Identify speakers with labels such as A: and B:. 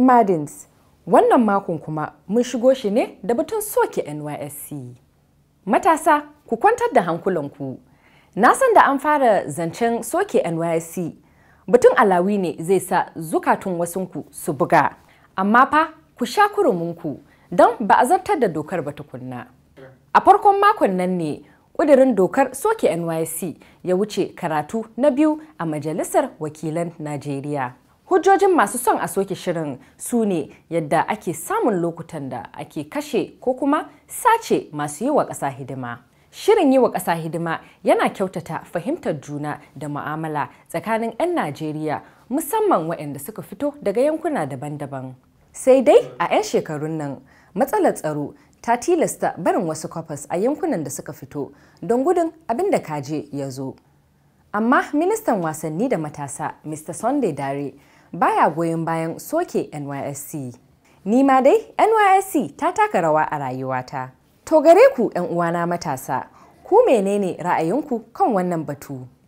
A: Madins. Wannan makon kuma mun shigo shi ne da batun soke NYSC. Matasa, ku kwantar da hankulanku. Na san da an fara zancen soke NYSC. Batun alawi ne zai sa zukatun wasunku su buga. Amma fa ku sha kuruminku don ba a zartar da dokar ba tukunna. A farkon makon nan ne ƙudurin dokar soke NYSC ya wuce karatu na biyu a Majalisar Wakilan Najeriya. Hujjojin masu son a soke shirin su ne yadda ake samun lokutan da ake kashe ko kuma sace masu yi wa ƙasa hidima. Shirin yi wa ƙasa hidima yana kyautata fahimtar juna da mu'amala tsakanin 'yan Najeriya musamman waɗanda suka fito daga yankuna daban-daban. Sai dai a 'yan shekarun nan matsalar tsaro ta tilasta barin wasu kwafas a yankunan da suka fito don gudun abin da kaje ya zo. Amma ministan wasanni da matasa Mr. Sunday Dare baya goyon bayan soke NYSC. Ni ma dai NYSC ta taka rawa a rayuwata. To gare ku 'yan uwana matasa, ku menene ra'ayinku kan wannan batu?